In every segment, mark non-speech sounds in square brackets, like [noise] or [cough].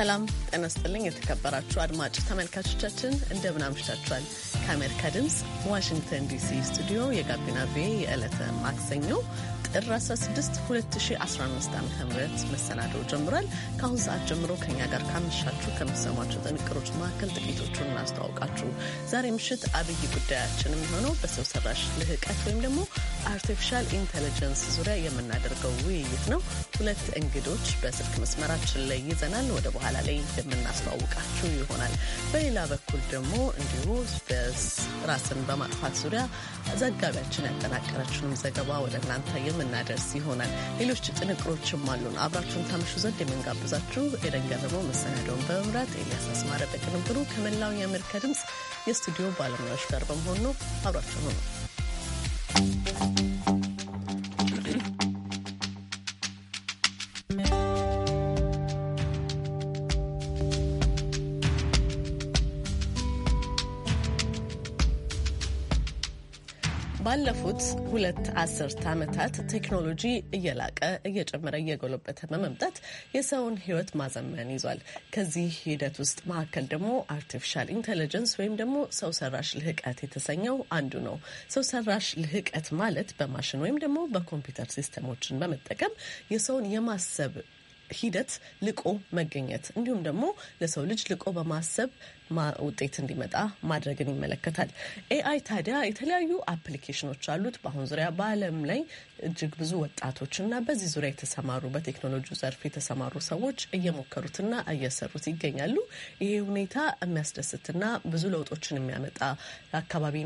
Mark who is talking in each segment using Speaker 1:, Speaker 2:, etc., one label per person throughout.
Speaker 1: ሰላም ጠነስጥልኝ የተከበራችሁ አድማጭ ተመልካቾቻችን እንደምን አምሽታችኋል? ከአሜሪካ ድምፅ ዋሽንግተን ዲሲ ስቱዲዮ የጋቢና ቪ የዕለተ ማክሰኞ ጥር 16 2015 ዓ ም መሰናዶው ጀምሯል። ከአሁን ሰዓት ጀምሮ ከኛ ጋር ካመሻችሁ ከምሰሟቸው ጥንቅሮች መካከል ጥቂቶቹን እናስተዋውቃችሁ። ዛሬ ምሽት አብይ ጉዳያችን የሚሆነው በሰው ሰራሽ ልህቀት ወይም ደግሞ አርቲፊሻል ኢንቴሊጀንስ ዙሪያ የምናደርገው ውይይት ነው። ሁለት እንግዶች በስልክ መስመራችን ላይ ይዘናል። ወደ በኋላ ላይ የምናስተዋውቃችሁ ይሆናል። በሌላ በኩል ደግሞ እንዲሁ ራስን በማጥፋት ዙሪያ ዘጋቢያችን ያጠናቀረችንም ዘገባ ወደ እናንተ የምናደርስ ይሆናል። ሌሎች ጥንቅሮችም አሉን። አብራችሁን ታምሹ ዘንድ የምንጋብዛችሁ ኤደን ገረመው መሰናደውን በመምራት ኤልያስ አስማረ በቅንብሩ ከመላው የአሜሪካ ድምፅ የስቱዲዮ ባለሙያዎች ጋር በመሆን ነው። አብራችሁ ነው። Thank you. ባለፉት ሁለት አስርት ዓመታት ቴክኖሎጂ እየላቀ እየጨመረ እየጎለበተ በመምጣት የሰውን ሕይወት ማዘመን ይዟል። ከዚህ ሂደት ውስጥ መካከል ደግሞ አርቲፊሻል ኢንቴሊጀንስ ወይም ደግሞ ሰው ሰራሽ ልህቀት የተሰኘው አንዱ ነው። ሰው ሰራሽ ልህቀት ማለት በማሽን ወይም ደግሞ በኮምፒውተር ሲስተሞችን በመጠቀም የሰውን የማሰብ ሂደት ልቆ መገኘት እንዲሁም ደግሞ ለሰው ልጅ ልቆ በማሰብ ውጤት እንዲመጣ ማድረግን ይመለከታል። ኤአይ ታዲያ የተለያዩ አፕሊኬሽኖች አሉት። በአሁን ዙሪያ በዓለም ላይ እጅግ ብዙ ወጣቶች እና በዚህ ዙሪያ የተሰማሩ በቴክኖሎጂ ዘርፍ የተሰማሩ ሰዎች እየሞከሩትና እየሰሩት ይገኛሉ። ይሄ ሁኔታ የሚያስደስትና ብዙ ለውጦችን የሚያመጣ አካባቢ፣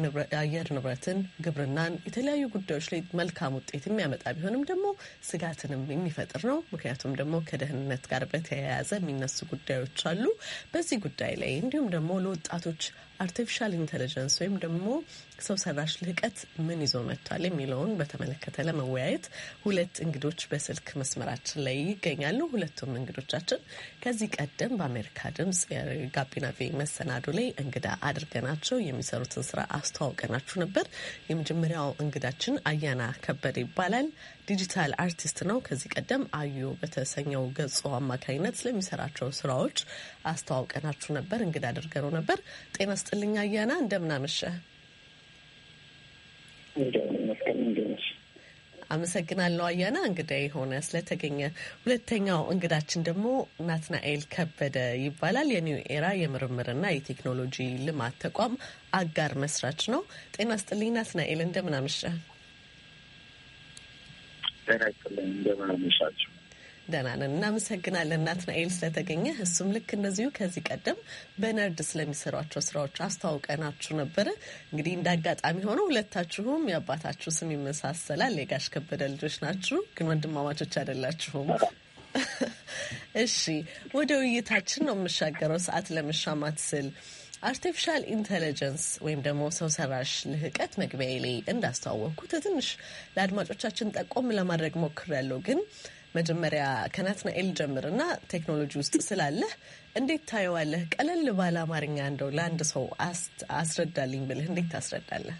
Speaker 1: አየር ንብረትን፣ ግብርናን፣ የተለያዩ ጉዳዮች ላይ መልካም ውጤት የሚያመጣ ቢሆንም ደግሞ ስጋትንም የሚፈጥር ነው። ምክንያቱም ደግሞ ከደህንነት ጋር በተያያዘ የሚነሱ ጉዳዮች አሉ። በዚህ ጉዳይ ላይ እንዲሁም ደግሞ ለወጣቶች አርቲፊሻል ኢንቴሊጀንስ ወይም ደግሞ ሰው ሰራሽ ልህቀት ምን ይዞ መጥቷል የሚለውን በተመለከተ ለመወያየት ሁለት እንግዶች በስልክ መስመራችን ላይ ይገኛሉ። ሁለቱም እንግዶቻችን ከዚህ ቀደም በአሜሪካ ድምጽ የጋቢና ቪ መሰናዶ ላይ እንግዳ አድርገናቸው የሚሰሩትን ስራ አስተዋውቀናችሁ ነበር። የመጀመሪያው እንግዳችን አያና ከበደ ይባላል። ዲጂታል አርቲስት ነው። ከዚህ ቀደም አዩ በተሰኘው ገጹ አማካኝነት ስለሚሰራቸው ስራዎች አስተዋውቀናችሁ ነበር፣ እንግዳ አድርገነው ነበር። ጤና ስጥ ይስጥልኝ አያና፣ እንደምናመሸ አመሰግናለሁ አያና እንግዳ የሆነ ስለተገኘ። ሁለተኛው እንግዳችን ደግሞ ናትናኤል ከበደ ይባላል። የኒው ኤራ የምርምርና የቴክኖሎጂ ልማት ተቋም አጋር መስራች ነው። ጤና ስጥልኝ ናትናኤል፣ እንደምናመሸ
Speaker 2: ጤና ስጥልኝ፣ እንደምናመሻቸው
Speaker 1: ደህና ነን። እናመሰግናለን ናትናኤል ስለተገኘ። እሱም ልክ እንደዚሁ ከዚህ ቀደም በነርድ ስለሚሰሯቸው ስራዎች አስተዋውቀናችሁ ነበረ። እንግዲህ እንደ አጋጣሚ ሆኖ ሁለታችሁም የአባታችሁ ስም ይመሳሰላል። የጋሽ ከበደ ልጆች ናችሁ፣ ግን ወንድማማቾች አይደላችሁም። [laughs] እሺ፣ ወደ ውይይታችን ነው የምሻገረው ሰዓት ለመሻማት ስል አርቲፊሻል ኢንቴሊጀንስ ወይም ደግሞ ሰው ሰራሽ ልህቀት መግቢያ ላይ እንዳስተዋወቅኩት ትንሽ ለአድማጮቻችን ጠቆም ለማድረግ ሞክሬያለሁ። ግን መጀመሪያ ከናትናኤል ጀምር እና ቴክኖሎጂ ውስጥ ስላለህ እንዴት ታየዋለህ? ቀለል ባለ አማርኛ እንደው ለአንድ ሰው አስረዳልኝ ብልህ እንዴት ታስረዳለህ?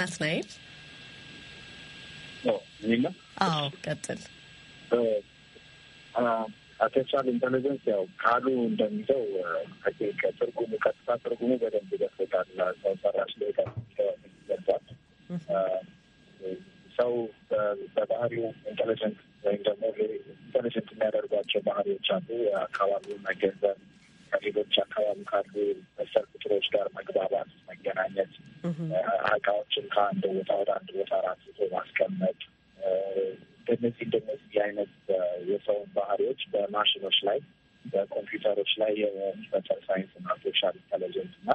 Speaker 1: ናትናኤል አዎ፣ ቀጥል።
Speaker 2: አርቲፊሻል ኢንቴሊጀንስ ያው ቃሉ እንደሚለው ትርጉሙ ቀጥታ ትርጉሙ በደንብ ይደፍቃል ሰው ሰራሽ ላይ ሰው በባህሪው ኢንቴሊጀንት ወይም ደግሞ ኢንቴሊጀንት የሚያደርጓቸው ባህሪዎች አሉ። የአካባቢውን መገንዘብ፣ ከሌሎች አካባቢ ካሉ መሰል ቁጥሮች ጋር መግባባት፣ መገናኘት፣ እቃዎችን ከአንድ ቦታ ወደ አንድ ቦታ ራስቶ ማስቀመጥ እንደነዚህ እንደነዚህ አይነት የሰውን ባህሪዎች በማሽኖች ላይ በኮምፒውተሮች ላይ የሚፈጠር ሳይንስ እና አርቲፊሻል ኢንቴሊጀንስ እና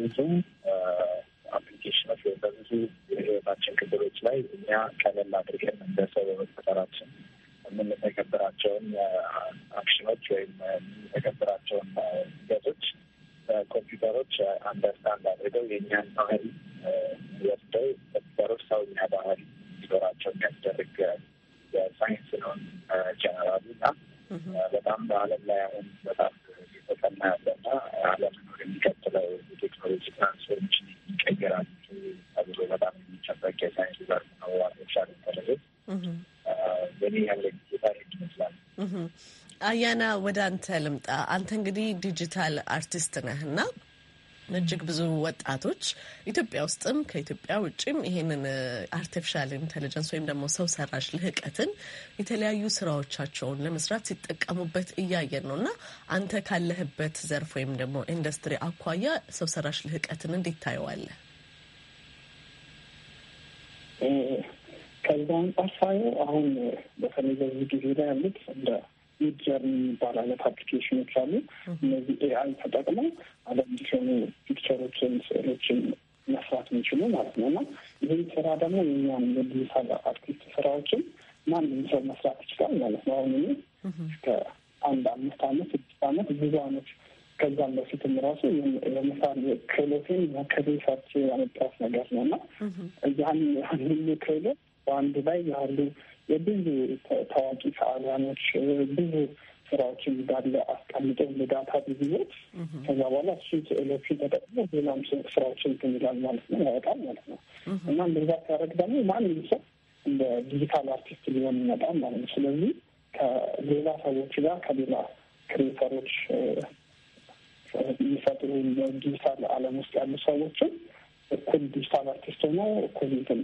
Speaker 2: ብዙ አፕሊኬሽን ወይም በብዙ የህይወታችን ክፍሎች ላይ እኛ ቀለል አድርገን እንደሰው ሰው በመፈጠራችን የምንተገብራቸውን አክሽኖች ወይም የምንተገብራቸውን ገጾች ኮምፒውተሮች አንደርስታንድ አድርገው የእኛን ባህል ወስደው ኮምፒውተሮች ሰው እኛ ባህሪ እንዲኖራቸው የሚያስደርግ የሳይንስ ነው ጀነራሉ እና በጣም በዓለም ላይ አሁን በጣም እየተሰማ ያለና ዓለም የሚቀጥለው የቴክኖሎጂ ትራንስፎርሜሽን ይቀየራል ተብሎ በጣም የሚጠበቅ የሳይንስ ዘርፍ ነው። አርቲፊሻል
Speaker 1: ኢንተለጀንስ
Speaker 2: ያለ ጊዜ ታሪክ
Speaker 1: ይመስላል። አያና ወደ አንተ ልምጣ። አንተ እንግዲህ ዲጂታል አርቲስት ነህ እና እጅግ ብዙ ወጣቶች ኢትዮጵያ ውስጥም ከኢትዮጵያ ውጭም ይሄንን አርቲፊሻል ኢንቴሊጀንስ ወይም ደግሞ ሰው ሰራሽ ልህቀትን የተለያዩ ስራዎቻቸውን ለመስራት ሲጠቀሙበት እያየን ነው እና አንተ ካለህበት ዘርፍ ወይም ደግሞ ኢንዱስትሪ አኳያ ሰው ሰራሽ ልህቀትን እንዴት ታየዋለህ?
Speaker 2: ከዛ አንጻር ሳየው አሁን በተለይ በዚህ ጊዜ ላይ ያሉት እንደ ሚድ ጀርኒ የሚባል አይነት አፕሊኬሽኖች አሉ። እነዚህ ኤአይ ተጠቅመው አዳዲስ የሆኑ ፒክቸሮችን፣ ስዕሎችን መስራት የሚችሉ ማለት ነው እና ይህን ስራ ደግሞ የኛም የዲጂታል አርቲስት ስራዎችን ማንም ሰው መስራት ይችላል ማለት ነው። አሁን እስከ አንድ አምስት አመት ስድስት አመት ብዙ አመት ከዛም በፊትም ራሱ ለምሳሌ ክህሎቴን መከሌ ሰርቼ ያመጣሁት ነገር ነው እና ያን ሁሉ ክህሎት በአንድ ላይ ያሉ የብዙ ታዋቂ ሰዓሊያኖች ብዙ ስራዎችን እንዳለ አስቀምጦ ለዳታ ብዙዎች ከዛ በኋላ እሱ ስዕሎቹ ተጠቅሞ ሌላም ስንት ስራዎችን ትንላል ማለት ነው ያወጣል ማለት ነው። እና እንደዛ ሲያደርግ ደግሞ ማንም ሰው እንደ ዲጂታል አርቲስት ሊሆን ይመጣል ማለት ነው። ስለዚህ ከሌላ ሰዎች ጋር ከሌላ ክሬተሮች የሚፈጥሩ ዲጂታል ዓለም ውስጥ ያሉ ሰዎችን እኩል ዲጂታል አርቲስት ሆኖ እኩል እንትን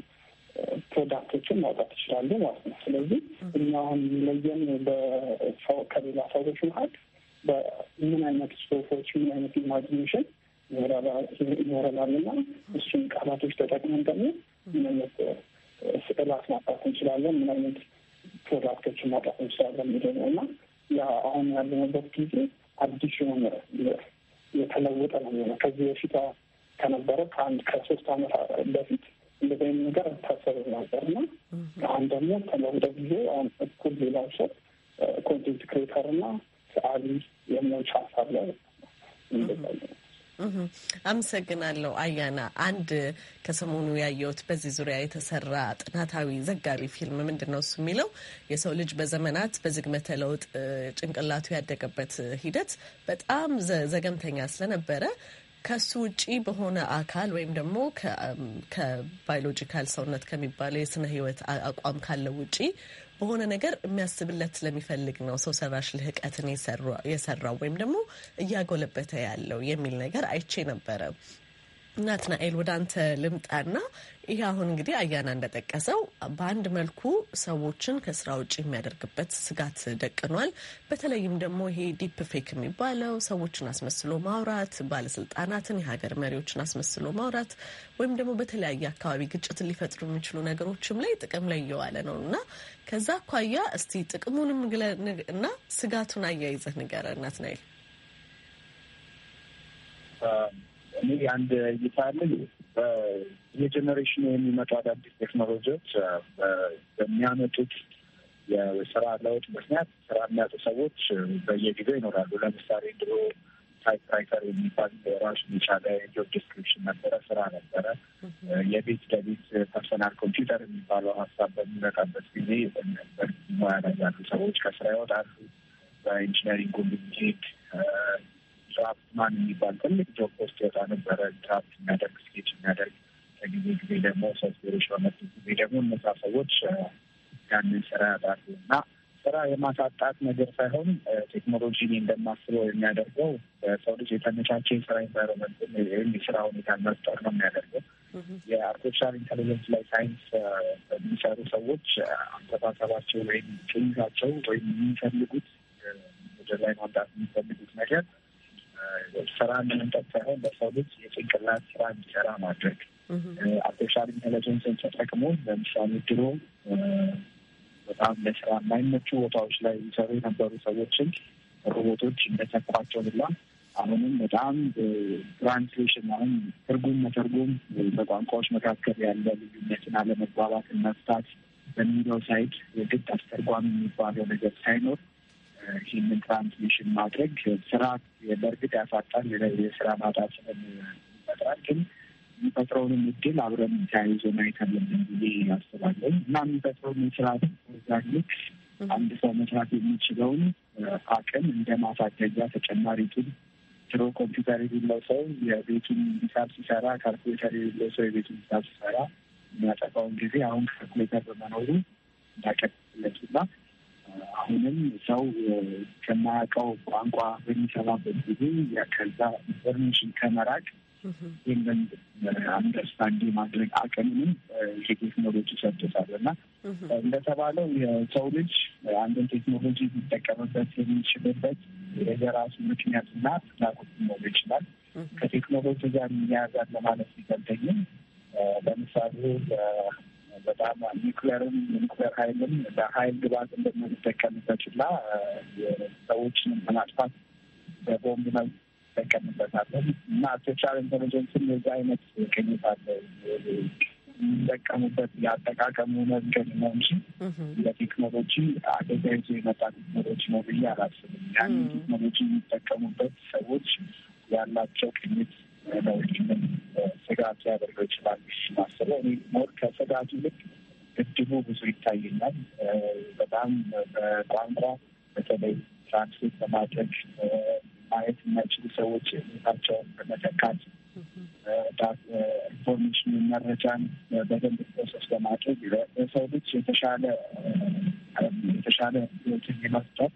Speaker 2: ፕሮዳክቶችን ማውጣት ይችላሉ ማለት ነው። ስለዚህ እኛ አሁን ለየም በሰው ከሌላ ሰዎች መሀል በምን አይነት ጽሁፎች ምን አይነት ኢማጂኔሽን ይኖረናልና እሱን ቃላቶች ተጠቅመን ደግሞ ምን አይነት ስዕላት ማውጣት እንችላለን፣ ምን አይነት ፕሮዳክቶችን ማውጣት እንችላለን የሚለው ነው እና ያ አሁን ያለንበት ጊዜ አዲስ የሆነ የተለወጠ ነው። ከዚህ በፊት ከነበረ ከአንድ ከሶስት አመት በፊት እንደዚህ አይነት ነገር አታሰብም ነበር እና አሁን ደግሞ ተለምደ ጊዜ አሁን እኩል ሌላ ሰው ኮንቴንት ክሬተር እና ሰአሊ የመሆን ቻንስ አለ።
Speaker 1: አመሰግናለሁ አያና። አንድ ከሰሞኑ ያየሁት በዚህ ዙሪያ የተሰራ ጥናታዊ ዘጋቢ ፊልም ምንድን ነው እሱ የሚለው የሰው ልጅ በዘመናት በዝግመተ ለውጥ ጭንቅላቱ ያደገበት ሂደት በጣም ዘገምተኛ ስለነበረ ከሱ ውጪ በሆነ አካል ወይም ደግሞ ከባዮሎጂካል ሰውነት ከሚባለው የስነ ህይወት አቋም ካለው ውጪ በሆነ ነገር የሚያስብለት ስለሚፈልግ ነው ሰው ሰራሽ ልህቀትን የሰራው ወይም ደግሞ እያጎለበተ ያለው የሚል ነገር አይቼ ነበረ። ናትናኤል ወደ አንተ ልምጣና ይህ አሁን እንግዲህ አያና እንደጠቀሰው በአንድ መልኩ ሰዎችን ከስራ ውጭ የሚያደርግበት ስጋት ደቅኗል። በተለይም ደግሞ ይሄ ዲፕ ፌክ የሚባለው ሰዎችን አስመስሎ ማውራት፣ ባለስልጣናትን፣ የሀገር መሪዎችን አስመስሎ ማውራት ወይም ደግሞ በተለያየ አካባቢ ግጭትን ሊፈጥሩ የሚችሉ ነገሮችም ላይ ጥቅም ላይ እየዋለ ነው እና ከዛ አኳያ እስቲ ጥቅሙንም እና ስጋቱን አያይዘህ ንገረን ናትናኤል።
Speaker 2: እኔ አንድ እይታ ያለኝ የጀኔሬሽኑ የሚመጡ አዳዲስ ቴክኖሎጂዎች በሚያመጡት የስራ ለውጥ ምክንያት ስራ የሚያጡ ሰዎች በየጊዜው ይኖራሉ። ለምሳሌ ድሮ ታይፕራይተር የሚባል ራሱን የቻለ ጆብ ዲስክሪፕሽን ነበረ፣ ስራ ነበረ። የቤት ለቤት ፐርሰናል ኮምፒውተር የሚባለው ሀሳብ በሚመጣበት ጊዜ ሙያ ላይ ያሉ ሰዎች ከስራ ይወጣሉ። በኢንጂነሪንግ ኮሚኒኬት ድራፍት ማን የሚባል ትልቅ ጆብ ፖስት ይወጣ ነበረ። ድራፍት የሚያደርግ ስኬች የሚያደርግ ከጊዜ ጊዜ ደግሞ ሶፍትዌሮች በመጡ ጊዜ ደግሞ እነዛ ሰዎች ያንን ስራ ያጣሉ እና ስራ የማሳጣት ነገር ሳይሆን ቴክኖሎጂ እንደማስበው የሚያደርገው ሰው ልጅ የተመቻቸ የስራ ኢንቫይሮመንት ወይም የስራ ሁኔታ መፍጠር ነው የሚያደርገው። የአርቲፊሻል ኢንቴሊጀንስ ላይ ሳይንስ የሚሰሩ ሰዎች አስተሳሰባቸው ወይም ጭኝታቸው ወይም የሚፈልጉት ወደ ላይ ማምጣት የሚፈልጉት ነገር ስራ እንደመንጠት ሳይሆን በሰው ልጅ የጭንቅላት ስራ እንዲሰራ ማድረግ አርቲፊሻል ኢንቴለጀንስን ተጠቅሞ ለምሳሌ ድሮ በጣም ለስራ የማይመቹ ቦታዎች ላይ ይሰሩ የነበሩ ሰዎችን ሮቦቶች እንደተኳቸውና አሁንም በጣም ትራንስሌሽን አሁን ትርጉም መተርጉም በቋንቋዎች መካከል ያለ ልዩነትን አለመግባባትን መፍታት በሚለው ሳይድ የግድ አስተርጓሚ የሚባለው ነገር ሳይኖር ይህንን ትራንስሚሽን ማድረግ ስራ በእርግጥ ያሳጣል፣ የስራ ማጣትን ይፈጥራል። ግን የሚፈጥረውንም እድል አብረን ተያይዞ ማየት አለብን ብዬ አስባለሁ እና የሚፈጥረውን የስራ ኦርጋኒክ አንድ ሰው መስራት የሚችለውን አቅም እንደ ማሳደጊያ ተጨማሪ ቱል ድሮ ኮምፒውተር የሌለው ሰው የቤቱን ሂሳብ ሲሰራ፣ ካልኩሌተር የሌለው ሰው የቤቱን ሂሳብ ሲሰራ የሚያጠፋውን ጊዜ አሁን ካልኩሌተር በመኖሩ እንዳቀለሱና አሁንም ሰው ከማያውቀው ቋንቋ በሚሰማበት ጊዜ ከዛ ኢንፎርሜሽን ከመራቅ ይህንን አንደርስታንድ ማድረግ አቅምንም ቴክኖሎጂ ሰጥቶታል እና እንደተባለው የሰው ልጅ አንድን ቴክኖሎጂ ሊጠቀምበት የሚችልበት የራሱ እና ፍላጎት ሊኖር ይችላል። ከቴክኖሎጂ ጋር የሚያያዛል ለማለት ሊገልተኝም ለምሳሌ በጣም ኒክሌርም የኒውክሊየር ሀይልም በሀይል ግባት እንደምንጠቀምበት እና ሰዎችን በማጥፋት በቦምብ መልክ እንጠቀምበታለን እና አርቲፊሻል ኢንቴሊጀንስም የዚ አይነት ቅኝት አለ የሚጠቀሙበት የአጠቃቀሙ መዝገብ ነው እንጂ ለቴክኖሎጂ አደጋ ይዞ የመጣ ቴክኖሎጂ ነው ብዬ አላስብም። ያን ቴክኖሎጂ የሚጠቀሙበት ሰዎች ያላቸው ቅኝት ነው። ስጋት ሊያደርገው ይችላል ብዬ ማስበው እኔ ሞር ከስጋቱ ይልቅ እድሉ ብዙ ይታየኛል። በጣም በቋንቋ በተለይ ትራንስሌት በማድረግ ማየት የማይችሉ ሰዎች ሁኔታቸውን በመተካት ኢንፎርሜሽን መረጃን በደንብ ፕሮሰስ በማድረግ ለሰው ልጅ የተሻለ የተሻለ ህይወትን የመፍጠር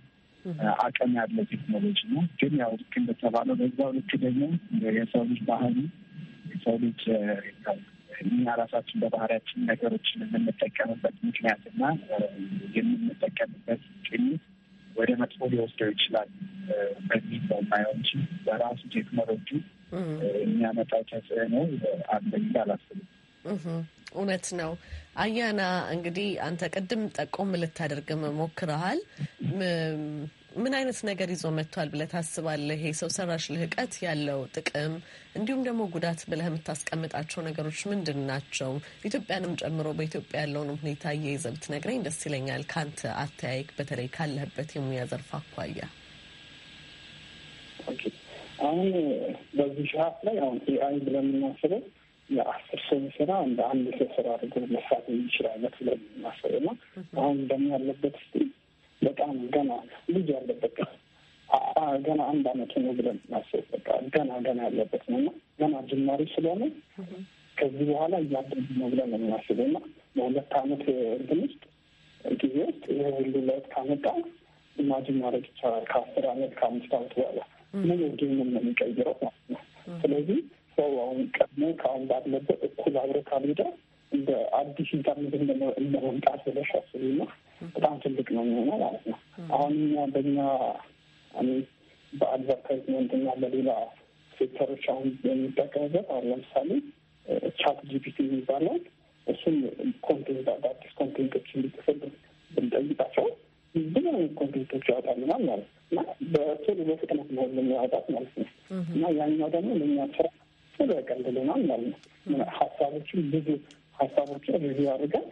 Speaker 2: አቅም ያለ ቴክኖሎጂ ነው። ግን ያው ልክ እንደተባለው በዛው ልክ ደግሞ የሰው ልጅ ባህሪ ሰው ልጅ እኛ ራሳችን በባህሪያችን ነገሮችን የምንጠቀምበት ምክንያት ምክንያትና የምንጠቀምበት ቅኝት ወደ መጥፎ ሊወስደው ይችላል በሚል በማየው እንጂ በራሱ ቴክኖሎጂ የሚያመጣው ተጽዕኖ አለ ብዬ አላስብም።
Speaker 1: እውነት ነው። አያና እንግዲህ አንተ ቅድም ጠቆም ልታደርግም ሞክረሃል። ምን አይነት ነገር ይዞ መጥቷል ብለህ ታስባለህ? ይሄ ሰው ሰራሽ ልህቀት ያለው ጥቅም እንዲሁም ደግሞ ጉዳት ብለህ የምታስቀምጣቸው ነገሮች ምንድን ናቸው? ኢትዮጵያንም ጨምሮ በኢትዮጵያ ያለውንም ሁኔታ እየይዘህ ብትነግረኝ ደስ ይለኛል። ከአንተ አተያይክ በተለይ ካለህበት የሙያ ዘርፍ አኳያ
Speaker 2: አሁን በዚህ ሰዓት ላይ አሁን ኤአይ ብለን የምናስበው የአስር ሰው ስራ እንደ አንድ ሰው ስራ አድርጎ መስራት የሚችል አይነት ብለን የምናስበው እና አሁን እንደምን ያለበት ስ በጣም ገና ልጅ ያለበት ገና አንድ አመቱ ነው ብለን ማሰብ በቃ ገና ገና ያለበት ነው እና ገና ጅማሪ ስለሆነ ከዚህ በኋላ እያደጉ ነው ብለን ነው የምናስበው እና በሁለት አመት እንትን ውስጥ ጊዜ ውስጥ ይህ ሁሉ ለውጥ ካመጣ ኢማጂን ማድረግ ይቻላል። ከአስር አመት ከአምስት አመት በኋላ ምን ጌምን ነው የሚቀይረው ማለት ነው። ስለዚህ ሰው አሁን ቀድሞ ከአሁን ባለበት እኩል አብሮ ካልሄደ እንደ አዲስ ኢንተርኔት እንደ መምጣት ብለሽ አስቢና በጣም ትልቅ ነው የሚሆነው ማለት ነው። አሁን እኛ በኛ በአድቨርታይዝመንት እና በሌላ ሴክተሮች አሁን የሚጠቀምበት አሁን ለምሳሌ ቻት ጂፒቲ የሚባለው እሱም ኮንቴንት አዳዲስ ኮንቴንቶች እንዲጽፍል ብንጠይቃቸው ብዙ አይነት ኮንቴንቶች ያወጣልናል ማለት ነው እና በቶሎ በፍጥነት ነው የሚያወጣት ማለት ነው እና ያኛው ደግሞ ለእኛ ስራ ቶሎ ያቀልልናል ማለት ነው። ሀሳቦችን ብዙ ሀሳቦችን ሪቪው አድርገን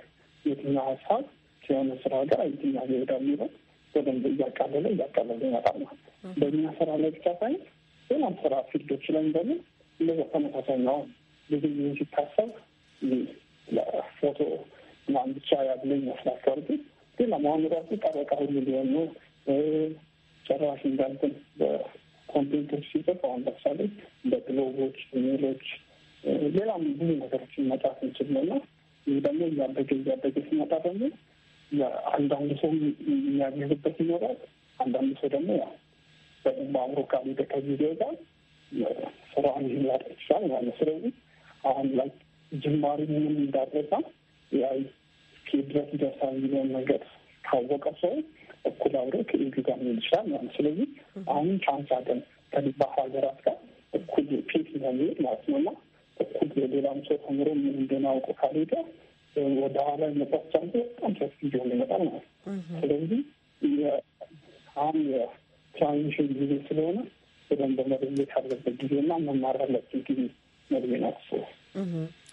Speaker 2: የትኛው ሀሳብ ከሆነ ስራ ጋር የትኛው ሊወዳ የሚለው በደንብ እያቃለለ እያቃለለ ይመጣል ማለት ነው። በእኛ ስራ ላይ ብቻ ሳይሆን ሌላም ስራ ፊልዶች ላይ እንደምን እንደዛ ተመሳሳይ ነው። ብዙ ጊዜ ሲታሰብ ለፎቶ ምናምን ብቻ ያለ ይመስላቸዋል። ግን ሌላ መሆኑ ራሱ ጠበቃ ሁሉ ሊሆን ነው ጨራሽ እንዳልትን በኮንቴንቶች ሲጽፍ አሁን ለምሳሌ እንደ ግሎቦች፣ ኢሜሎች በጣም ብዙ ነገሮችን መጣት እንችል ነውና ይህ ደግሞ እያበገ እያበገ ሲመጣ ደግሞ አንዳንድ ሰው የሚያገዝበት ይኖራል። አንዳንድ ሰው ደግሞ ያው በአብሮ ካልሄደ ከጊዜ ጋር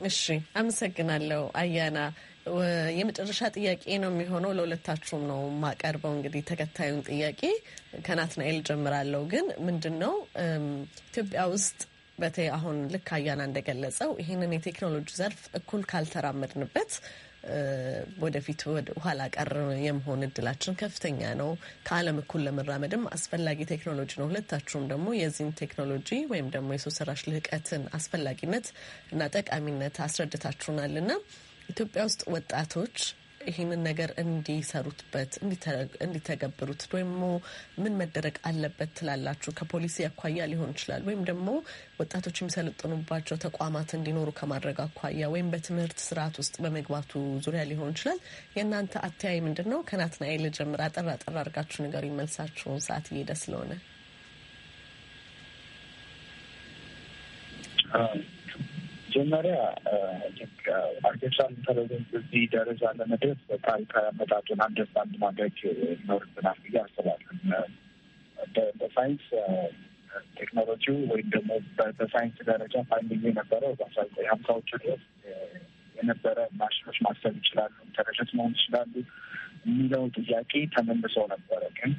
Speaker 1: እሺ፣ አመሰግናለሁ አያና። የመጨረሻ ጥያቄ ነው የሚሆነው ለሁለታችሁም ነው የማቀርበው። እንግዲህ ተከታዩን ጥያቄ ከናትናኤል ጀምራለሁ። ግን ምንድን ነው ኢትዮጵያ ውስጥ በተለይ አሁን ልክ አያና እንደገለጸው ይህንን የቴክኖሎጂ ዘርፍ እኩል ካልተራመድንበት ወደፊት ኋላ ቀር የመሆን እድላችን ከፍተኛ ነው። ከዓለም እኩል ለመራመድም አስፈላጊ ቴክኖሎጂ ነው። ሁለታችሁም ደግሞ የዚህን ቴክኖሎጂ ወይም ደግሞ የሰው ሰራሽ ልህቀትን አስፈላጊነት እና ጠቃሚነት አስረድታችሁናል እና ኢትዮጵያ ውስጥ ወጣቶች ይህንን ነገር እንዲሰሩትበት እንዲተገብሩት ወይም ምን መደረግ አለበት ትላላችሁ? ከፖሊሲ አኳያ ሊሆን ይችላል ወይም ደግሞ ወጣቶች የሚሰለጥኑባቸው ተቋማት እንዲኖሩ ከማድረግ አኳያ ወይም በትምህርት ስርዓት ውስጥ በመግባቱ ዙሪያ ሊሆን ይችላል። የእናንተ አተያይ ምንድን ነው? ከናትናኤል ልጀምር። አጠር አጠር አድርጋችሁ ነገሩ ይመልሳችሁን ሰዓት እየሄደ ስለሆነ
Speaker 2: መጀመሪያ አርቲፊሻል ኢንተለጀንስ እዚህ ደረጃ ለመድረስ በጣም ከመጣቱን አንደርስታንድ ማድረግ ይኖርብናል ብዬ አስባለሁ። በሳይንስ ቴክኖሎጂው ወይም ደግሞ በሳይንስ ደረጃ ፋይንዲንግ የነበረው በአስራ ሀምሳዎቹ ድረስ የነበረ ማሽኖች ማሰብ ይችላሉ፣ ኢንተለጀንስ መሆን ይችላሉ የሚለው ጥያቄ ተመልሶ ነበረ ግን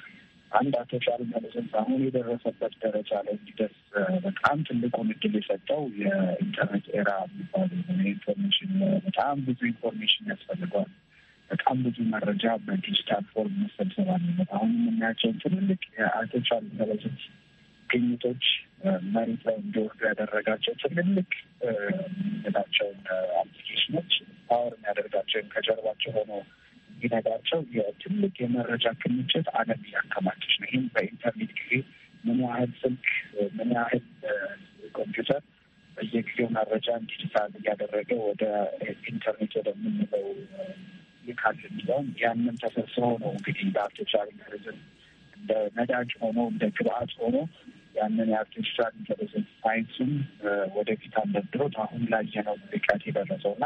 Speaker 2: አንድ አቶ ሻርመለሰንስ አሁን የደረሰበት ደረጃ ላይ እንዲደርስ በጣም ትልቁን እድል የሰጠው የኢንተርኔት ኤራ የሚባሉ ኢንፎርሜሽን በጣም ብዙ ኢንፎርሜሽን ያስፈልገዋል። በጣም ብዙ መረጃ በዲጂታል ፎርም መሰብሰብ አለበት። አሁን የምናያቸውን ትልልቅ የአርቲፊሻል ኢንተለጀንስ ግኝቶች መሬት ላይ እንዲወርዱ ያደረጋቸው ትልልቅ የምንላቸውን አፕሊኬሽኖች ፓወር የሚያደርጋቸውን ከጀርባቸው ሆነው ቢነዳቸው የትልቅ የመረጃ ክምችት ዓለም እያከማቸች ነው። ይህም በኢንተርኔት ጊዜ ምን ያህል ስልክ ምን ያህል ኮምፒውተር በየጊዜው መረጃን ዲጂታል እያደረገ ወደ ኢንተርኔት ወደምንለው ይልካል የሚለውን ያንን ተሰብስቦ ነው እንግዲህ በአርቲፊሻል ኢንተለጀንስ እንደ ነዳጅ ሆኖ እንደ ግብአት ሆኖ ያንን የአርቲፊሻል ኢንተለጀንስ ሳይንሱን ወደፊት አንደድሮት አሁን ላይ የነው ብቃት የደረሰው እና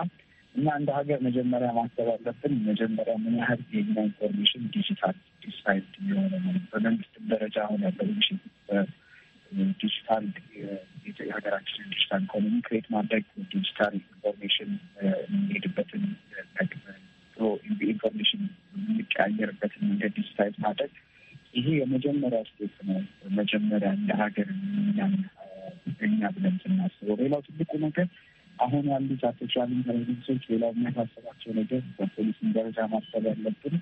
Speaker 2: እና እንደ ሀገር መጀመሪያ ማሰብ አለብን። መጀመሪያ ምን ያህል የኛ ኢንፎርሜሽን ዲጂታል ዲጂታይዝድ የሆነ ነው። በመንግስትም ደረጃ አሁን ያለው ሚሽን ዲጂታል የሀገራችንን ዲጂታል ኢኮኖሚ ክሬት ማድረግ ዲጂታል ኢንፎርሜሽን የምንሄድበትን ኢንፎርሜሽን የምንቀያየርበትን መንገድ ዲጂታይዝ ማድረግ ይሄ የመጀመሪያ ስቴት ነው። መጀመሪያ እንደ ሀገር እኛ ብለን ስናስበው ሌላው ትልቁ ነገር አሁን ያሉት አርቲፊሻል ኢንተለጀንሶች ሌላው የሚያሳስባቸው ነገር በፖሊስን ደረጃ ማሰብ ያለብን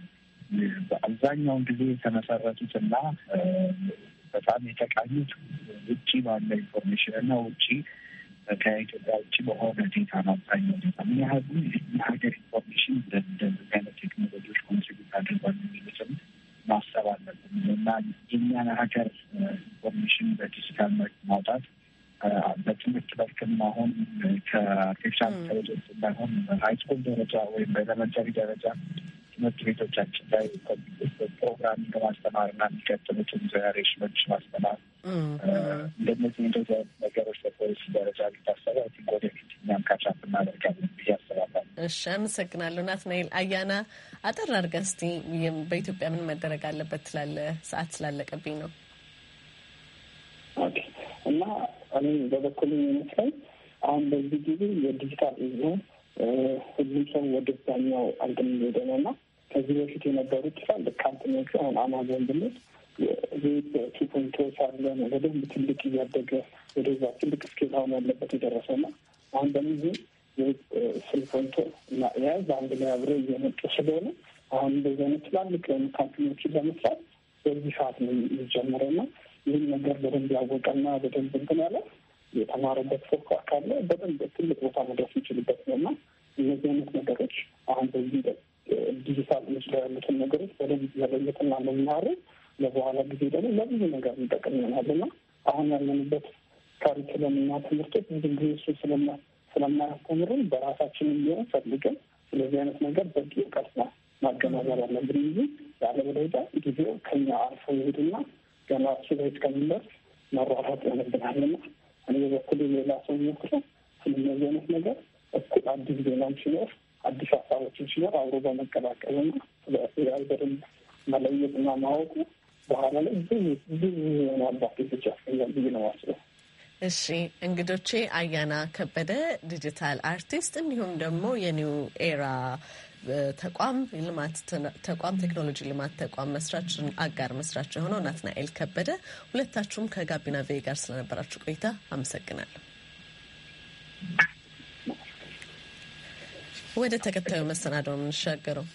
Speaker 2: በአብዛኛውን ጊዜ የተመሰረቱት እና በጣም የተቃኙት ውጭ ባለ ኢንፎርሜሽን እና ውጭ ከኢትዮጵያ ውጭ በሆነ ዴታ ነው። አብዛኛው ዴታ ምን ያህሉ የሀገር ኢንፎርሜሽን እንደዚህ አይነት ቴክኖሎጂዎች ኮንትሪቢዩት አድርጓል የሚሉትም ማሰብ አለብን እና የእኛን ሀገር ኢንፎርሜሽን በዲጂታል መልክ ማውጣት በትምህርት በኩልም አሁን ከአርቲፊሻል ኢንቴሊጀንስ ባይሆን ሃይስኩል ደረጃ ወይም በኤለመንተሪ ደረጃ ትምህርት ቤቶቻችን ላይ ፕሮግራም ማስተማር እና የሚቀጥሉትን ጀኔሬሽኖች ማስተማር እንደነዚህ እንደዚ አይነት ነገሮች በፖሊሲ ደረጃ ቢታሰቡ ቲንክ ወደፊት እኛም ካቻፕ እናደርጋለን
Speaker 1: ብዬ አስባለሁ። እሺ፣ አመሰግናለሁ። ናትናኤል አያና፣ አጠር አድርገን እስቲ በኢትዮጵያ ምን መደረግ አለበት ትላለህ? ሰዓት ስላለቀብኝ ነው
Speaker 2: እና እኔ በበኩል የሚመስለኝ አሁን በዚህ ጊዜ የዲጂታል ይዞ ሁሉም ሰው ወደ ዛኛው አልግም ሄደ ነው እና ከዚህ በፊት የነበሩት ትላልቅ ካምፕኒዎቹ አሁን አማዞን ብንል ቤት ሳለ አለ በደንብ ትልቅ እያደገ ወደዛ ትልቅ ስኬል አሁን ያለበት የደረሰ እና አሁን በዚህ ስልፖንቶ እና ያዝ አንድ ላይ አብረ እየመጡ ስለሆነ አሁን እንደዚህ አይነት ትላልቅ ካምፕኒዎችን ለመስራት በዚህ ሰዓት ነው የሚጀምረው እና ይህን ነገር በደንብ ያወቀና በደንብ እንትን ያለ የተማረበት ሰው ካለ በደንብ ትልቅ ቦታ መድረስ ይችልበት ነው እና እነዚህ አይነት ነገሮች አሁን በዚህ ዲጂታል ምስላ ያሉትን ነገሮች በደንብ መለየትና መማሩ ለበኋላ ጊዜ ደግሞ ለብዙ ነገር እንጠቅም ይሆናል እና አሁን ያለንበት ካሪክለምና ትምህርቶች ብዙ ጊዜ እሱ ስለማያስተምርን በራሳችን ሊሆን ፈልገን ስለዚህ አይነት ነገር በቂ እውቀት ማገናዘብ አለብን እንጂ ያለበለዚያ ጊዜው ከኛ አልፎ ይሄድና ገና እሱ ላይ እስከሚደርስ መሯሯጥ ያነብናልና እኔ በኩል ሌላ ሰው ሞክረ ስለነዚህ አይነት ነገር እኩል አዲስ ዜናም ሲኖር አዲስ ሀሳቦችን ሲኖር አብሮ በመቀላቀልና ስለሱዳን በደንብ መለየትና ማወቁ በኋላ ላይ ብዙ ብዙ የሆነ አባቴቶች ያስገኛል ብዬ ነው ማስበው።
Speaker 1: እሺ እንግዶቼ አያና ከበደ ዲጂታል አርቲስት፣ እንዲሁም ደግሞ የኒው ኤራ ተቋም ልማት ተቋም ቴክኖሎጂ ልማት ተቋም መስራች አጋር መስራች የሆነው ናትናኤል ከበደ ሁለታችሁም ከጋቢና ቬ ጋር ስለነበራችሁ ቆይታ አመሰግናለሁ። ወደ ተከታዩ መሰናደው የምንሻገረው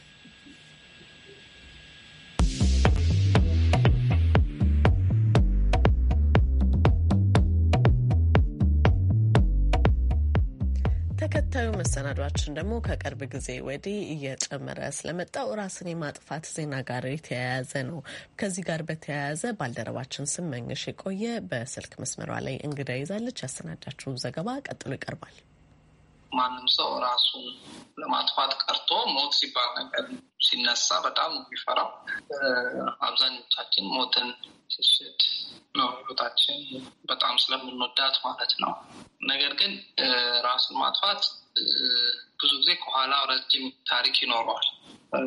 Speaker 1: ቀጣዩ መሰናዷችን ደግሞ ከቅርብ ጊዜ ወዲህ እየጨመረ ስለመጣው ራስን የማጥፋት ዜና ጋር የተያያዘ ነው። ከዚህ ጋር በተያያዘ ባልደረባችን ስመኝሽ የቆየ በስልክ መስመሯ ላይ እንግዳ ይዛለች። ያሰናዳችው ዘገባ ቀጥሎ ይቀርባል።
Speaker 3: ማንም ሰው ራሱን ለማጥፋት ቀርቶ ሞት ሲባል ነገር ሲነሳ በጣም የሚፈራው አብዛኞቻችን ሞትን ሽሽት ነው ህይወታችን በጣም ስለምንወዳት ማለት ነው። ነገር ግን ራሱን ማጥፋት ብዙ ጊዜ ከኋላው ረጅም ታሪክ ይኖረዋል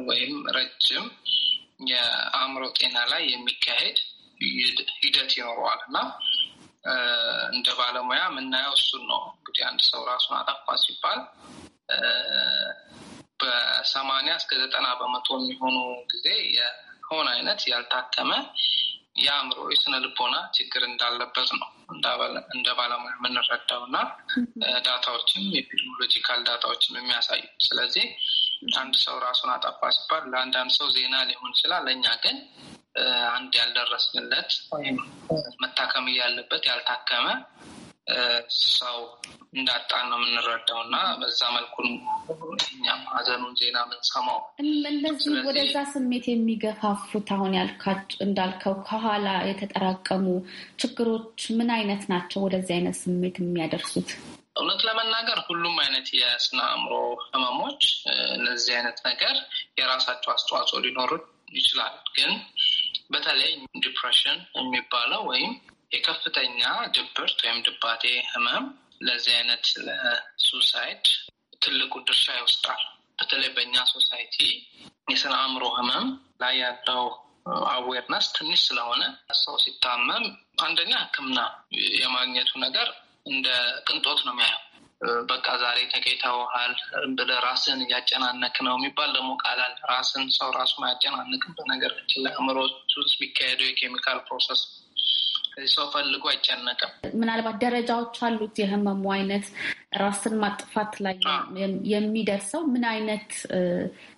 Speaker 3: ወይም ረጅም የአእምሮ ጤና ላይ የሚካሄድ ሂደት ይኖረዋል እና እንደ ባለሙያ የምናየው እሱን ነው። እንግዲህ አንድ ሰው ራሱን አጠፋ ሲባል በሰማንያ እስከ ዘጠና በመቶ የሚሆኑ ጊዜ የሆነ አይነት ያልታከመ የአእምሮ የስነ ልቦና ችግር እንዳለበት ነው እንደ ባለሙያ የምንረዳው እና ዳታዎችም የኤፒዲሚዮሎጂካል ዳታዎችም የሚያሳዩ። ስለዚህ አንድ ሰው ራሱን አጠፋ ሲባል ለአንዳንድ ሰው ዜና ሊሆን ይችላል። ለእኛ ግን አንድ ያልደረስንለት ወይም መታከም እያለበት ያልታከመ ሰው እንዳጣን ነው የምንረዳው እና በዛ መልኩ እኛም ሀዘኑን ዜና ምንሰማው
Speaker 4: እንደዚህ ወደዛ ስሜት የሚገፋፉት አሁን እንዳልከው ከኋላ የተጠራቀሙ ችግሮች ምን አይነት ናቸው? ወደዚህ አይነት ስሜት የሚያደርሱት
Speaker 3: እውነት ለመናገር ሁሉም አይነት የስነ አእምሮ ህመሞች እነዚህ አይነት ነገር የራሳቸው አስተዋጽኦ ሊኖሩ ይችላል። ግን በተለይ ዲፕሬሽን የሚባለው ወይም የከፍተኛ ድብርት ወይም ድባቴ ህመም ለዚህ አይነት ለሱሳይድ ትልቁ ድርሻ ይወስዳል። በተለይ በእኛ ሶሳይቲ የስነ አእምሮ ህመም ላይ ያለው አዌርነስ ትንሽ ስለሆነ ሰው ሲታመም አንደኛ ሕክምና የማግኘቱ ነገር እንደ ቅንጦት ነው የሚያየው። በቃ ዛሬ ተገኝተውሃል ብለህ ራስን እያጨናነክ ነው የሚባል ደግሞ ቃላል ራስን ሰው ራሱ ማያጨናንቅ በነገር ላይ አእምሮች ውስጥ የሚካሄደው የኬሚካል ፕሮሰስ ሰው ፈልጎ አይጨነቅም።
Speaker 4: ምናልባት ደረጃዎች አሉት የህመሙ አይነት ራስን ማጥፋት ላይ የሚደርሰው ምን አይነት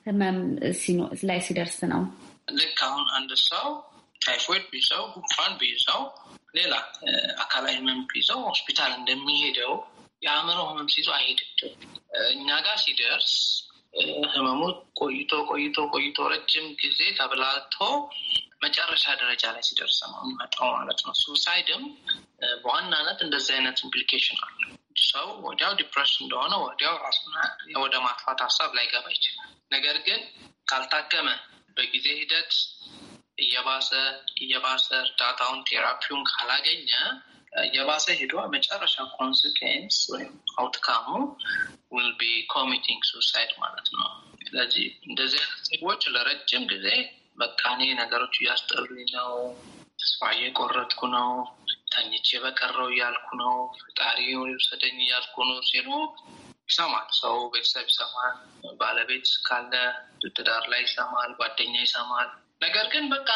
Speaker 4: ህመም ላይ ሲደርስ ነው?
Speaker 5: ልክ
Speaker 3: አሁን አንድ ሰው ታይፎይድ ቢይዘው፣ ጉንፋን ቢይዘው፣ ሌላ አካላዊ ህመም ቢይዘው ሆስፒታል እንደሚሄደው የአእምሮ ህመም ሲይዘው አይሄድም። እኛ ጋር ሲደርስ ህመሙ ቆይቶ
Speaker 5: ቆይቶ ቆይቶ ረጅም ጊዜ ተብላልቶ መጨረሻ ደረጃ ላይ ሲደርስ ነው የሚመጣው ማለት ነው። ሱሳይድም
Speaker 3: በዋናነት እንደዚህ አይነት ኢምፕሊኬሽን አለ። ሰው ወዲያው ዲፕሬሽን እንደሆነ ወዲያው ራሱን ወደ ማጥፋት ሀሳብ ላይገባ ይችላል። ነገር ግን ካልታከመ በጊዜ ሂደት እየባሰ እየባሰ እርዳታውን ቴራፒውን ካላገኘ የባሰ ሄዶ መጨረሻ ኮንስኬንስ ወይም አውትካሙ ዊል ቢ ኮሚቲንግ ሱሳይድ ማለት ነው። ስለዚህ እንደዚህ ሰዎች ለረጅም ጊዜ በቃ እኔ ነገሮች እያስጠሉኝ ነው፣ ተስፋ እየቆረጥኩ ነው፣ ተኝቼ በቀረው እያልኩ ነው፣ ፈጣሪ ይውሰደኝ እያልኩ ነው ሲሉ ይሰማል። ሰው ቤተሰብ ይሰማል፣ ባለቤት ካለ ትዳር ላይ ይሰማል፣ ጓደኛ ይሰማል። ነገር ግን በቃ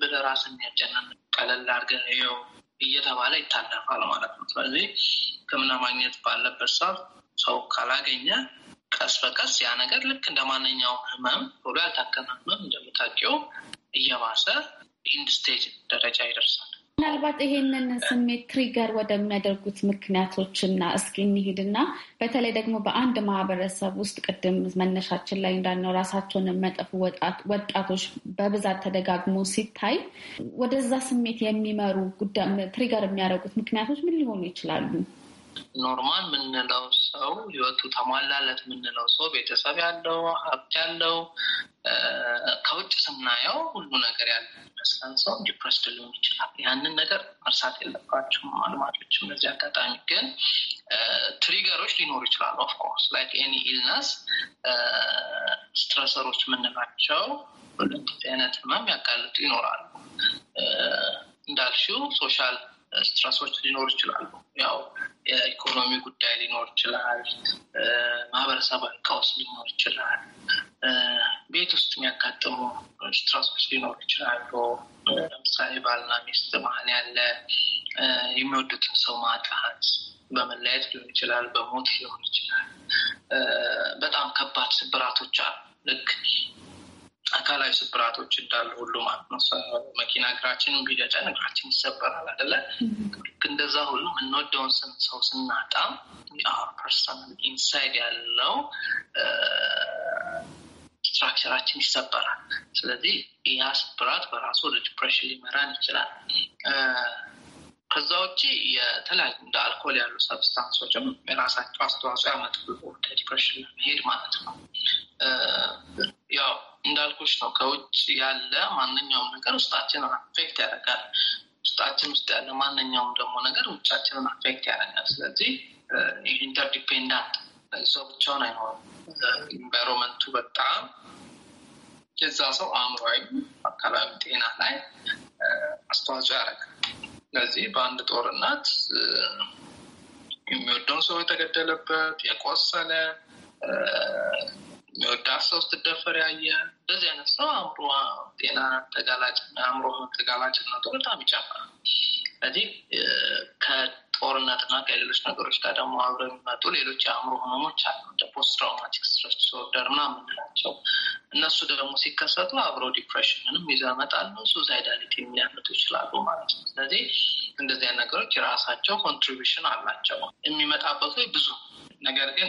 Speaker 3: ብለህ ራስን ያጨናን ቀለል አድርገህ ይኸው እየተባለ ይታለፋል ማለት ነው። ስለዚህ ሕክምና ማግኘት ባለበት ሰው ሰው ካላገኘ ቀስ በቀስ ያ ነገር ልክ እንደ ማንኛውም ህመም ቶሎ ያልታከመ ህመም እንደምታውቂው እየባሰ ኢንድ ስቴጅ ደረጃ ይደርሳል።
Speaker 4: ምናልባት ይሄንን ስሜት ትሪገር ወደሚያደርጉት ምክንያቶች እና እስኪ እንሂድና በተለይ ደግሞ በአንድ ማህበረሰብ ውስጥ ቅድም መነሻችን ላይ እንዳልነው ራሳቸውን የሚያጠፉ ወጣቶች በብዛት ተደጋግሞ ሲታይ ወደዛ ስሜት የሚመሩ ትሪገር የሚያደርጉት ምክንያቶች ምን ሊሆኑ ይችላሉ?
Speaker 3: ኖርማል የምንለው ሰው ህይወቱ ተሟላለት የምንለው ሰው ቤተሰብ ያለው ሀብት ያለው ከውጭ ስናየው ሁሉ ነገር ያለ ይመስላል ሰው ዲፕረስድ ሊሆን ይችላል። ያንን ነገር መርሳት የለባቸውም አልማጮችም። በዚህ አጋጣሚ ግን ትሪገሮች ሊኖሩ ይችላሉ። ኦፍኮርስ ላይክ ኤኒ ኢልነስ ስትረሰሮች የምንላቸው ሁለት አይነት ህመም ያጋልጡ ይኖራሉ። እንዳልሽው ሶሻል ስትረሶች ሊኖሩ ይችላሉ። ያው የኢኮኖሚ ጉዳይ
Speaker 5: ሊኖር ይችላል። ማህበረሰባዊ ቀውስ ሊኖር ይችላል። ቤት ውስጥ የሚያጋጥሙ ስትረሶች ሊኖሩ
Speaker 3: ይችላሉ። ለምሳሌ ባልና ሚስት መሀል ያለ የሚወዱትን ሰው ማጣት በመለያየት ሊሆን ይችላል፣ በሞት ሊሆን ይችላል። በጣም ከባድ ስብራቶች አሉ ልክ አካላዊ ስብራቶች እንዳሉ ሁሉ ማለት ነው። መኪና እግራችን ቢገጨን እግራችን ይሰበራል አይደለ? ልክ እንደዛ ሁሉ የምንወደውን ሰው ስናጣ ፐርሰናል ኢንሳይድ ያለው ስትራክቸራችን ይሰበራል። ስለዚህ ያ ስብራት በራሱ ወደ ዲፕሬሽን ሊመራን ይችላል። ከዛ ውጭ
Speaker 5: የተለያዩ እንደ አልኮል ያሉ ሰብስታንሶችም የራሳቸው አስተዋጽኦ ያመጣሉ ወደ ዲፕሬሽን ለመሄድ
Speaker 3: ማለት ነው ያው እንዳልኩች ነው። ከውጭ ያለ ማንኛውም ነገር ውስጣችንን አፌክት ያደርጋል። ውስጣችን ውስጥ ያለ ማንኛውም ደግሞ ነገር ውጫችንን አፌክት ያደርጋል። ስለዚህ ኢንተርዲፔንዳንት ሰው ብቻውን አይኖርም። ኢንቫይሮመንቱ በጣም የዛ ሰው አእምሯዊም አካላዊ ጤና ላይ አስተዋጽኦ ያደርጋል። ስለዚህ በአንድ ጦርነት የሚወደውን ሰው የተገደለበት የቆሰለ የሚወዳት ሰው ስትደፈር ያየ እንደዚህ አይነት ሰው አእምሮ ጤና ተጋላጭ አእምሮ ተጋላጭነቱ በጣም ይጨምራል። ስለዚህ ከጦርነትና ከሌሎች ነገሮች ጋር ደግሞ አብረው የሚመጡ ሌሎች የአእምሮ ህመሞች አሉ እንደ ፖስት ትራውማቲክ ስትረስ ዲስኦርደር ምናምን የምንላቸው እነሱ ደግሞ ሲከሰቱ አብሮ ዲፕሬሽንንም ይዘው ያመጣሉ። ሱሳይዳሊቲ የሚያመጡ ይችላሉ ማለት ነው። ስለዚህ እንደዚህ አይነት ነገሮች የራሳቸው ኮንትሪቢሽን አላቸው። የሚመጣበት ብዙ ነገር ግን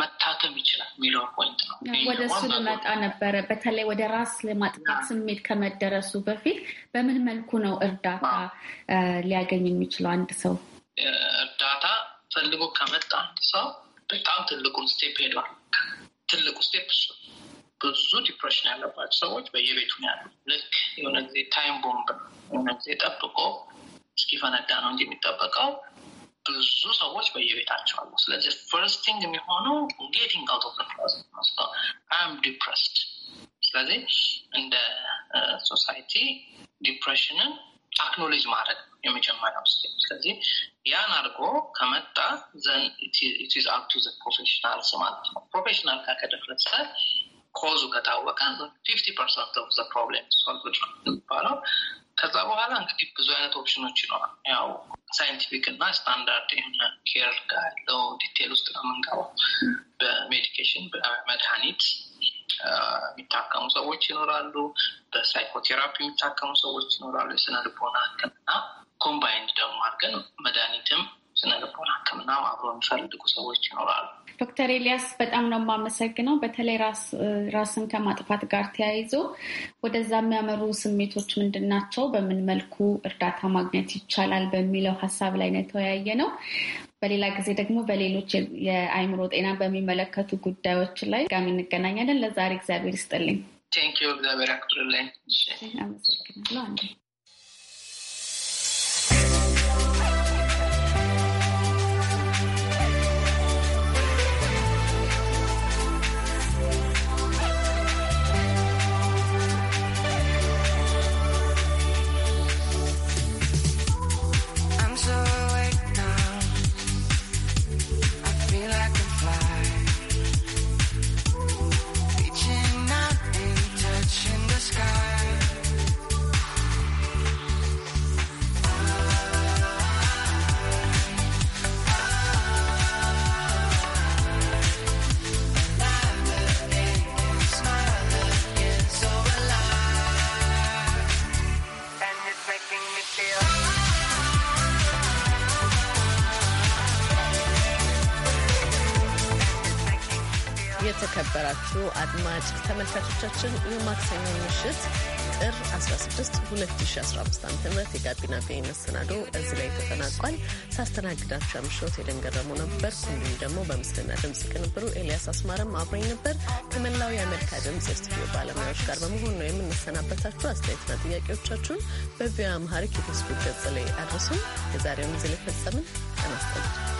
Speaker 3: መታከም ይችላል የሚለው ፖይንት
Speaker 4: ነው። ወደ እሱ ልመጣ ነበረ። በተለይ ወደ ራስ ለማጥቃት ስሜት ከመደረሱ በፊት በምን መልኩ ነው እርዳታ ሊያገኝ የሚችለው አንድ ሰው?
Speaker 3: እርዳታ ፈልጎ ከመጣ አንድ ሰው በጣም ትልቁን ስቴፕ ሄዷል። ትልቁ ስቴፕ እሱ ብዙ ዲፕሬሽን ያለባቸው ሰዎች በየቤቱ ያሉ። ልክ የሆነ ጊዜ ታይም ቦምብ የሆነ ጊዜ ጠብቆ እስኪፈነዳ ነው እንጂ የሚጠበቀው ብዙ ሰዎች በየቤታቸው አሉ። ስለዚህ ፈርስት ቲንግ የሚሆነው ጌቲንግ አውት ኦፍ ፕሮሰስ ነው። አም ዲፕረስድ። ስለዚህ እንደ ሶሳይቲ ዲፕሬሽንን አክኖሌጅ ማድረግ የመጀመሪያው ስ ስለዚህ ያን አድርጎ ከመጣ ዘን ኢትዝ አፕ ቱ ዘ ፕሮፌሽናልስ ማለት ነው። ፕሮፌሽናል ከከደፈሰ ኮዙ ከታወቀ ፊፍቲ ፐርሰንት ኦፍ ዘ ፕሮብሌም ሶልቭድ ነው የሚባለው ከዛ በኋላ እንግዲህ ብዙ አይነት ኦፕሽኖች ይኖራል። ያው ሳይንቲፊክ እና ስታንዳርድ የሆነ ኬር ጋር ዲቴል ውስጥ ነው በሜዲኬሽን በመድኃኒት የሚታከሙ ሰዎች ይኖራሉ። በሳይኮቴራፒ የሚታከሙ ሰዎች ይኖራሉ። የስነ ልቦና ሕክምና ኮምባይንድ ደግሞ አድርገን
Speaker 4: መድኃኒትም ስነልቦና ሕክምና አብሮ የሚፈልጉ ሰዎች ይኖራሉ። ዶክተር ኤልያስ በጣም ነው የማመሰግነው። በተለይ ራስን ከማጥፋት ጋር ተያይዞ ወደዛ የሚያመሩ ስሜቶች ምንድን ናቸው፣ በምን መልኩ እርዳታ ማግኘት ይቻላል በሚለው ሀሳብ ላይ ነው የተወያየ ነው። በሌላ ጊዜ ደግሞ በሌሎች የአይምሮ ጤና በሚመለከቱ ጉዳዮች ላይ ጋሚ እንገናኛለን። ለዛሬ እግዚአብሔር ይስጥልኝ።
Speaker 3: ቴንኪው። እግዚአብሔር ያክብርልኝ። አመሰግናለሁ።
Speaker 1: የተከበራችሁ አድማጭ ተመልካቾቻችን የማክሰኞ ምሽት ጥር 16 2015 ዓ ም የጋቢና ቤ መሰናዶ እዚህ ላይ ተጠናቋል። ሳስተናግዳችሁ ምሽት የደንገረሙ ነበር። እንዲሁም ደግሞ በምስልና ድምፅ ቅንብሩ ኤልያስ አስማረም አብረኝ ነበር። ከመላው የአሜሪካ ድምፅ የስቱዲዮ ባለሙያዎች ጋር በመሆን ነው የምንሰናበታችሁ። አስተያየትና ጥያቄዎቻችሁን በቪያ መሀሪክ የፌስቡክ ገጽ ላይ አድርሱን። የዛሬውን ጊዜ ላይ ፈጸምን። ጤና ይስጥልኝ።